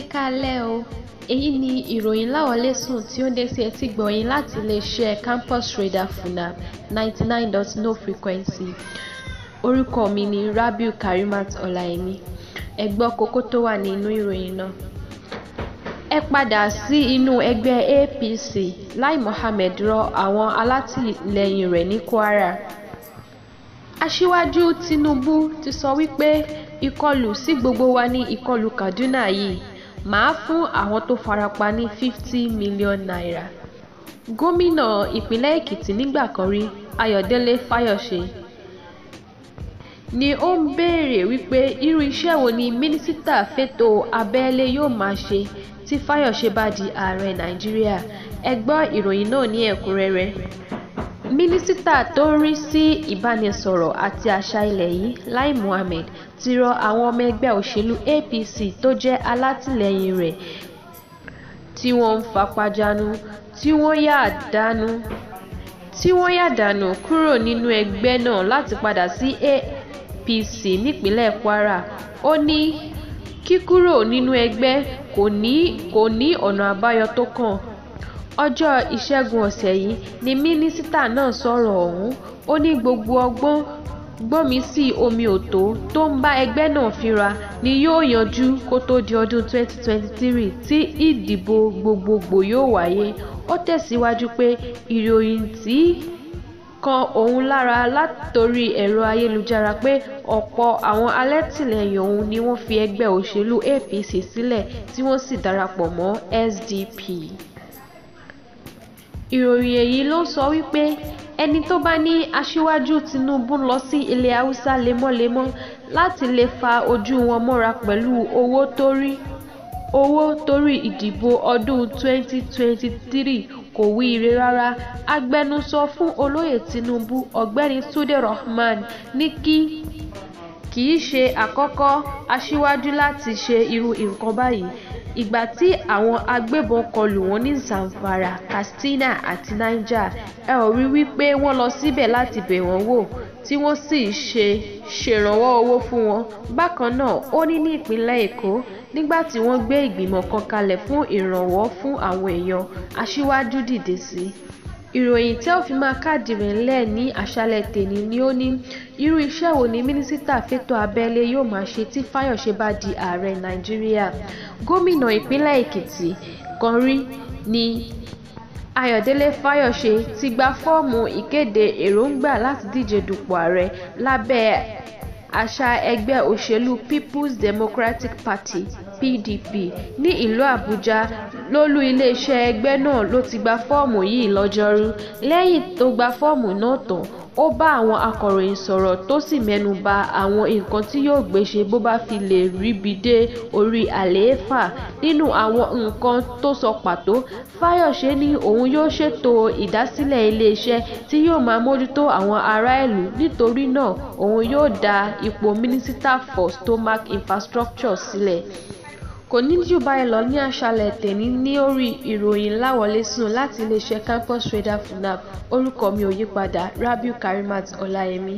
ẹ kalẹ́ o èyí ni ìròyìn láwọlé sùn tí ó dé sí etí gbọ̀yìn láti iléeṣẹ́ campus radar funa ninety nine dot no frequency orúkọ mi ni rabiu karimat ọláyẹmí ẹ gbọ́ kókó tó wà nínú ìròyìn náà ẹ padà sí inú ẹgbẹ́ apc lai mohammed rọ àwọn alátìlẹyìn rẹ̀ ní kwara aṣíwájú tinubu ti sọ wípé ìkọlù sí gbogbo wa ní ìkọlù kaduna yìí màá fún àwọn tó farapa ní fifty million naira gómìnà ìpínlẹ̀ èkìtì nígbà kan rí ayọ̀délé fáyọ̀ṣe ni ó ń béèrè wípé irú iṣẹ́ wo ni mínísítà fẹ́tò abẹ́lé yóò máa ṣe tí fáyọ̀ṣe bá di ààrẹ nàìjíríà ẹ ìròyìn náà ní ẹ̀kúnrẹ́rẹ́ mínísítà tó ń rí sí ìbánisọ̀rọ̀ àti àṣà ilẹ̀ yìí lai muhammed ti rọ àwọn ọmọ ẹgbẹ́ òṣèlú apc tó jẹ́ alátìlẹyìn rẹ̀ tí wọ́n ń fapájánú tí wọ́n yà dánú tí wọ́n yà dànù kúrò nínú ẹgbẹ́ náà láti padà sí apc nípínlẹ̀ kwara ó ní kíkúrò nínú ẹgbẹ́ kò ní ọ̀nà àbáyọ tó kàn ọjọ́ ìṣẹ́gun ọ̀sẹ̀ yìí ni mínísítà náà sọ̀rọ̀ ọ̀hún ó ní gbogbo ọgbọ́n gbọ́mísì omi ọ̀tọ̀ tó ń bá ẹgbẹ́ náà fínra ni yóò yanjú kó tó di ọdún 2023 tí ìdìbò gbogbogbò yóò wáyé ó tẹ̀síwájú pé ìròyìn tí kan òun lára látòrí ẹ̀rọ ayélujára pé ọ̀pọ̀ àwọn alẹ́tìlẹ́yìn òun ni wọ́n fi ẹgbẹ́ òṣèlú APC sílẹ̀ tí wọ́n sì darapọ̀ mọ́ SDP ìròyìn èyí ló sọ wípé ẹni tó bá ní aṣíwájú Tinubu ń lọ sí ilẹ̀ haúsá lemọ́lemọ́ láti lè fa ojú wọn mọ́ra pẹ̀lú owó torí owó torí ìdìbò ọdún 2023 kò wí ire rárá agbẹnusọ fún olóyè Tinubu ọ̀gbẹ́ni Túndé Rahman ní kí kì í ṣe àkọ́kọ́ aṣíwájú láti ṣe irú nǹkan báyìí ìgbà tí àwọn agbébọn kọlù wọn ní Zamfara, Katsina àti Niger ẹ ò rí wípé wọ́n lọ síbẹ̀ láti bẹ̀ wọ́n wò tí wọ́n sì ṣe ṣèrànwọ́ owó fún wọn. Bákan náà ó ní ní ìpínlẹ̀ Èkó nígbà tí wọ́n gbé ìgbìmọ̀ kan kalẹ̀ fún ìrànwọ́ fún àwọn èèyàn Aṣíwájú dìde sí ìròyìn tẹ́ ò máa káàdì rẹ̀ ńlẹ̀ ní àṣálẹ́ tèmi ni ó ní irú iṣẹ́ wo ni mínísítà fẹ́tọ̀ abẹ́lé yóò máa ṣe tí Fáyọ̀ṣe bá di ààrẹ Nàìjíríà gómìnà ìpínlẹ̀ Èkìtì kan rí ni Ayọ̀délé Fáyọ̀ṣe ti gba fọ́ọ̀mù ìkéde èròǹgbà láti díje dupò ààrẹ lábẹ́ àṣà ẹgbẹ́ òṣèlú People's Democratic Party (PDP) ní ìlú Àbújá lólú iléeṣẹ́ ẹgbẹ́ náà ló ti gba fọ́ọ̀mù yìí lọ́jọ́rú, lẹ́yìn tó gba fọ́ọ̀mù náà tán ó bá àwọn akọ̀ròyìn sọ̀rọ̀ tó sì mẹ́nu ba àwọn nǹkan tí yóò gbé ṣe bó bá fi lè ríbi dé orí àlééfà nínú àwọn nǹkan tó sọ pàtó Fáyọ̀ṣe ní òun yóò ṣètò ìdásílẹ̀ iléeṣẹ́ tí yóò máa mójútó àwọn ará ìlú nítorí náà òun yóò dá ipò mínísítà for stomach infrastructure sílẹ̀. Kò ní jù báyìí lọ ní àṣálẹ́ tèmi ní orí ìròyìn láwọlésùn láti iléeṣẹ́ Campus Radar FUNAab, orúkọ mi ò yípadà Rabiu Karimat Ọláyẹmí.